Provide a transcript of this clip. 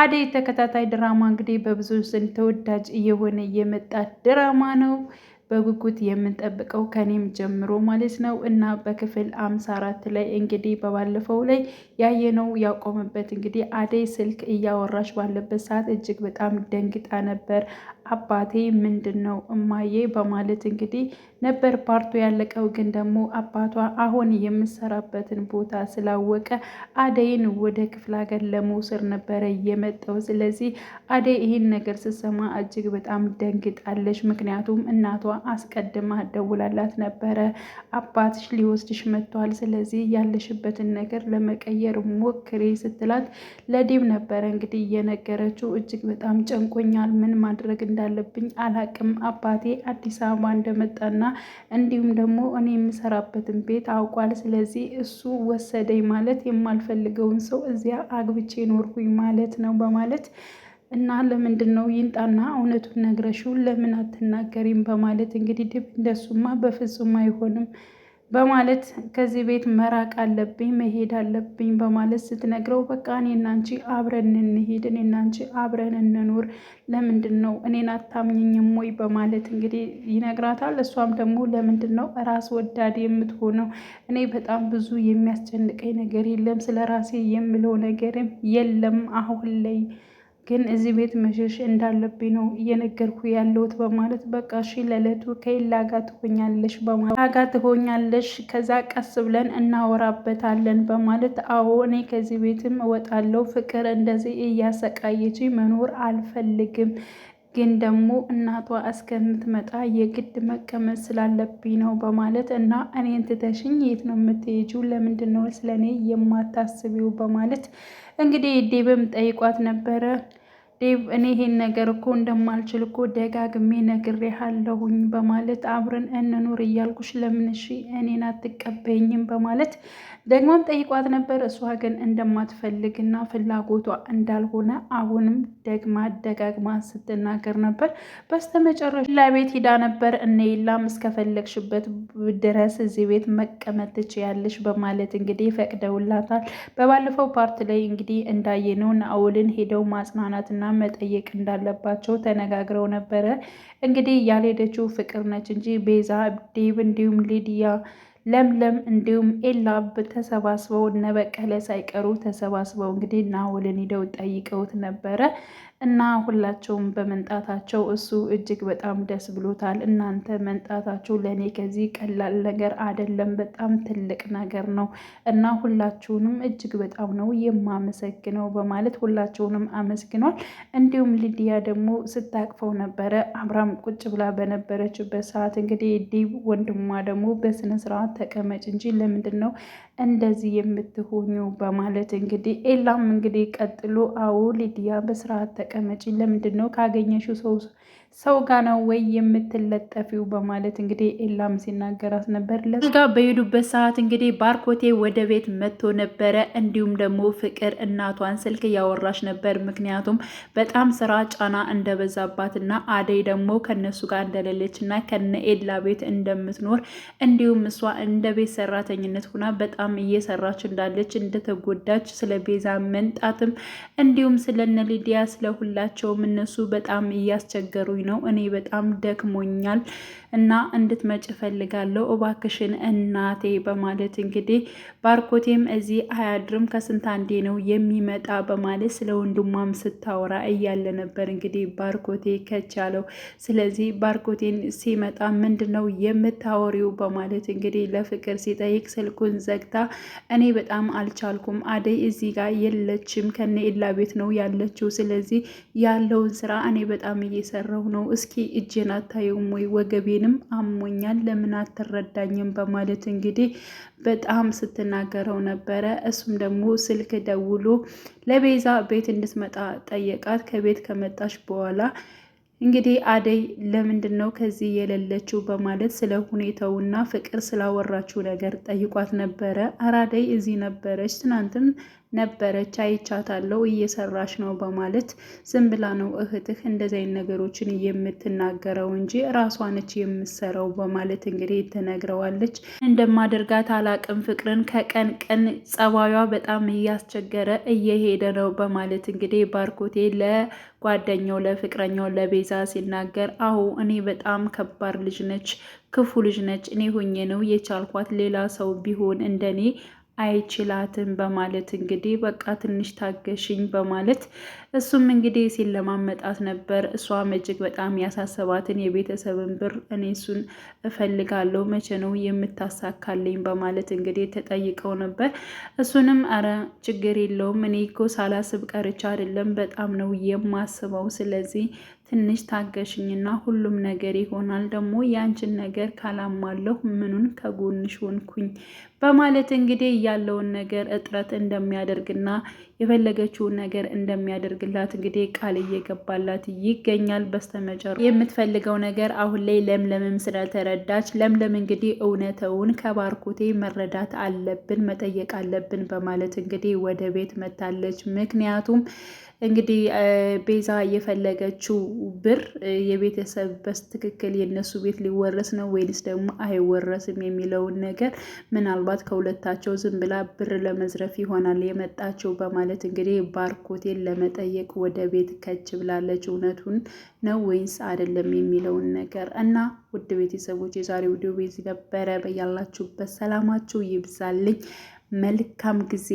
አደይ ተከታታይ ድራማ እንግዲህ በብዙ ዘንድ ተወዳጅ እየሆነ የመጣ ድራማ ነው። በጉጉት የምንጠብቀው ከኔም ጀምሮ ማለት ነው እና በክፍል አምሳ አራት ላይ እንግዲህ በባለፈው ላይ ያየነው ያቆመበት እንግዲህ አደይ ስልክ እያወራች ባለበት ሰዓት እጅግ በጣም ደንግጣ ነበር። አባቴ ምንድን ነው እማዬ በማለት እንግዲህ ነበር ፓርቱ ያለቀው። ግን ደግሞ አባቷ አሁን የምሰራበትን ቦታ ስላወቀ አደይን ወደ ክፍለ ሀገር ለመውሰድ ነበረ የመጣው። ስለዚህ አደይ ይህን ነገር ስትሰማ እጅግ በጣም ደንግጣለች። ምክንያቱም እናቷ አስቀድማ ደውላላት ነበረ አባትሽ ሊወስድሽ መጥቷል፣ ስለዚህ ያለሽበትን ነገር ለመቀየር ሞክሬ ስትላት ለዲብ ነበረ እንግዲህ እየነገረችው እጅግ በጣም ጨንቆኛል ምን ማድረግ እንዳለብኝ አላቅም። አባቴ አዲስ አበባ እንደመጣና እንዲሁም ደግሞ እኔ የምሰራበትን ቤት አውቋል። ስለዚህ እሱ ወሰደኝ ማለት የማልፈልገውን ሰው እዚያ አግብቼ ኖርኩኝ ማለት ነው በማለት እና ለምንድን ነው ይንጣና እውነቱን ነግረሽው ለምን አትናገሪም? በማለት እንግዲህ ድብ እንደሱማ በፍጹም አይሆንም በማለት ከዚህ ቤት መራቅ አለብኝ መሄድ አለብኝ በማለት ስትነግረው በቃ እኔ እናንቺ አብረን እንሄድ እኔ እናንቺ አብረን እንኑር ለምንድን ነው እኔን አታምኝኝም ወይ በማለት እንግዲህ ይነግራታል። እሷም ደግሞ ለምንድን ነው ራስ ወዳድ የምትሆነው እኔ በጣም ብዙ የሚያስጨንቀኝ ነገር የለም፣ ስለ ራሴ የምለው ነገርም የለም አሁን ላይ ግን እዚህ ቤት መሸሽ እንዳለብኝ ነው እየነገርኩ ያለሁት በማለት በቃ እሺ ለለቱ ከሌላ ጋር ትሆኛለሽ በማለት ጋ ትሆኛለሽ፣ ከዛ ቀስ ብለን እናወራበታለን በማለት አዎ እኔ ከዚህ ቤትም እወጣለሁ፣ ፍቅር እንደዚህ እያሰቃየች መኖር አልፈልግም ግን ደግሞ እናቷ እስከምትመጣ የግድ መቀመጥ ስላለብኝ ነው በማለት እና እኔን ትተሽኝ የት ነው የምትሄጂው? ለምንድን ነው ስለእኔ የማታስቢው? በማለት እንግዲህ ዴብም ጠይቋት ነበረ። ዴቭ እኔ ይሄን ነገር እኮ እንደማልችል እኮ ደጋግሜ ነግሬሃለሁኝ በማለት አብረን እንኑር እያልኩሽ ለምን እሺ እኔን አትቀበይኝም በማለት ደግሞም ጠይቋት ነበር። እሷ ግን እንደማትፈልግና ፍላጎቷ እንዳልሆነ አሁንም ደግማ ደጋግማ ስትናገር ነበር። በስተመጨረሻ ለቤት ሂዳ ነበር። እነ እስከፈለግሽበት ድረስ እዚህ ቤት መቀመጥ ትችያለሽ በማለት እንግዲህ ፈቅደውላታል። በባለፈው ፓርት ላይ እንግዲህ እንዳየነው ናኦልን ሄደው ማጽናናትና ምናምን መጠየቅ እንዳለባቸው ተነጋግረው ነበረ። እንግዲህ ያልሄደችው ፍቅር ነች እንጂ ቤዛ፣ ዴቭ እንዲሁም ሊዲያ ለምለም እንዲሁም ኤላ ተሰባስበው እነ በቀለ ሳይቀሩ ተሰባስበው እንግዲህ ናሆልን ሂደው ጠይቀውት ነበረ እና ሁላቸውም በመንጣታቸው እሱ እጅግ በጣም ደስ ብሎታል። እናንተ መንጣታቸው ለእኔ ከዚህ ቀላል ነገር አይደለም፣ በጣም ትልቅ ነገር ነው እና ሁላችሁንም እጅግ በጣም ነው የማመሰግነው በማለት ሁላችሁንም አመስግኗል። እንዲሁም ሊዲያ ደግሞ ስታቅፈው ነበረ። አብራም ቁጭ ብላ በነበረችበት ሰዓት እንግዲህ ዲብ ወንድሟ ደግሞ በስነስርዓት ተቀመጭ እንጂ ለምንድን ነው እንደዚህ የምትሆኙ? በማለት እንግዲህ ኤላም እንግዲህ ቀጥሎ አዎ ሊዲያ በስርዓት ተቀመጪ፣ ለምንድን ነው ካገኘሽው ሰው ሰው ጋ ነው ወይ የምትለጠፊው? በማለት እንግዲህ ኤላም ሲናገራት ነበር። ለጋ በሄዱበት ሰዓት እንግዲህ ባርኮቴ ወደ ቤት መጥቶ ነበረ። እንዲሁም ደግሞ ፍቅር እናቷን ስልክ እያወራች ነበር። ምክንያቱም በጣም ስራ ጫና እንደበዛባትና አደይ ደግሞ ከነሱ ጋር እንደሌለች እና ከነ ኤላ ቤት እንደምትኖር እንዲሁም እሷ እንደ ቤት ሰራተኝነት ሁና በጣም እየሰራች እንዳለች እንደተጎዳች፣ ስለ ቤዛ መንጣትም እንዲሁም ስለነ ሊዲያ ስለሁላቸውም እነሱ በጣም እያስቸገሩ ነው። እኔ በጣም ደክሞኛል እና እንድትመጭ ፈልጋለሁ እባክሽን እናቴ በማለት እንግዲህ ባርኮቴም እዚህ አያድርም ከስንት አንዴ ነው የሚመጣ በማለት ስለ ወንድሟም ስታወራ እያለ ነበር እንግዲህ ባርኮቴ ከቻለው። ስለዚህ ባርኮቴን ሲመጣ ምንድን ነው የምታወሪው በማለት እንግዲህ ለፍቅር ሲጠይቅ ስልኩን ዘግታ እኔ በጣም አልቻልኩም አደይ እዚህ ጋር የለችም ከነ ኤላ ቤት ነው ያለችው። ስለዚህ ያለውን ስራ እኔ በጣም እየሰራው ነው? እስኪ እጄን አታየውም ወይ? ወገቤንም አሞኛል፣ ለምን አትረዳኝም? በማለት እንግዲህ በጣም ስትናገረው ነበረ። እሱም ደግሞ ስልክ ደውሎ ለቤዛ ቤት እንድትመጣ ጠየቃት። ከቤት ከመጣች በኋላ እንግዲህ አደይ ለምንድን ነው ከዚህ የሌለችው በማለት ስለ ሁኔታውና ፍቅር ስላወራችው ነገር ጠይቋት ነበረ። አራደይ እዚህ ነበረች ትናንትም ነበረች። አይቻታለሁ እየሰራች ነው በማለት ዝም ብላ ነው እህትህ እንደዚህ አይነት ነገሮችን የምትናገረው እንጂ ራሷ ነች የምትሰራው በማለት እንግዲህ ትነግረዋለች። እንደማደርጋት አላቅም ፍቅርን ከቀን ቀን ጸባዩ በጣም እያስቸገረ እየሄደ ነው በማለት እንግዲህ ባርኮቴ ለጓደኛው ለፍቅረኛው ለቤዛ ሲናገር አሁ እኔ በጣም ከባድ ልጅ ነች፣ ክፉ ልጅ ነች። እኔ ሆኜ ነው የቻልኳት። ሌላ ሰው ቢሆን እንደኔ አይችላትም በማለት እንግዲህ በቃ ትንሽ ታገሽኝ በማለት እሱም እንግዲህ ሲለማመጣት ነበር። እሷም እጅግ በጣም ያሳሰባትን የቤተሰብን ብር እኔ እሱን እፈልጋለሁ መቼ ነው የምታሳካልኝ በማለት እንግዲህ ተጠይቀው ነበር። እሱንም አረ ችግር የለውም እኔ እኮ ሳላስብ ቀርቻ አይደለም በጣም ነው የማስበው ስለዚህ ትንሽ ታገሽኝና ሁሉም ነገር ይሆናል። ደግሞ ያንችን ነገር ካላማለሁ ምኑን ከጎንሽ ሆንኩኝ በማለት እንግዲህ ያለውን ነገር እጥረት እንደሚያደርግና የፈለገችውን ነገር እንደሚያደርግ እንደሚያደርግላት እንግዲህ ቃል እየገባላት ይገኛል። በስተመጨሩ የምትፈልገው ነገር አሁን ላይ ለምለምም ስለተረዳች ለምለም እንግዲህ እውነተውን ከባርኮቴ መረዳት አለብን መጠየቅ አለብን በማለት እንግዲህ ወደ ቤት መታለች። ምክንያቱም እንግዲህ ቤዛ የፈለገችው ብር የቤተሰብ በትክክል የነሱ ቤት ሊወረስ ነው ወይንስ ደግሞ አይወረስም የሚለውን ነገር ምናልባት ከሁለታቸው ዝም ብላ ብር ለመዝረፍ ይሆናል የመጣቸው በማለት እንግዲህ ባርኮቴን ለመጠየቅ ለመጠየቅ ወደ ቤት ከች ብላለች። እውነቱን ነው ወይንስ አይደለም የሚለውን ነገር እና ውድ ቤተሰቦች የዛሬ ቪዲዮ ቤት ነበረ። በያላችሁበት ሰላማችሁ ይብዛልኝ። መልካም ጊዜ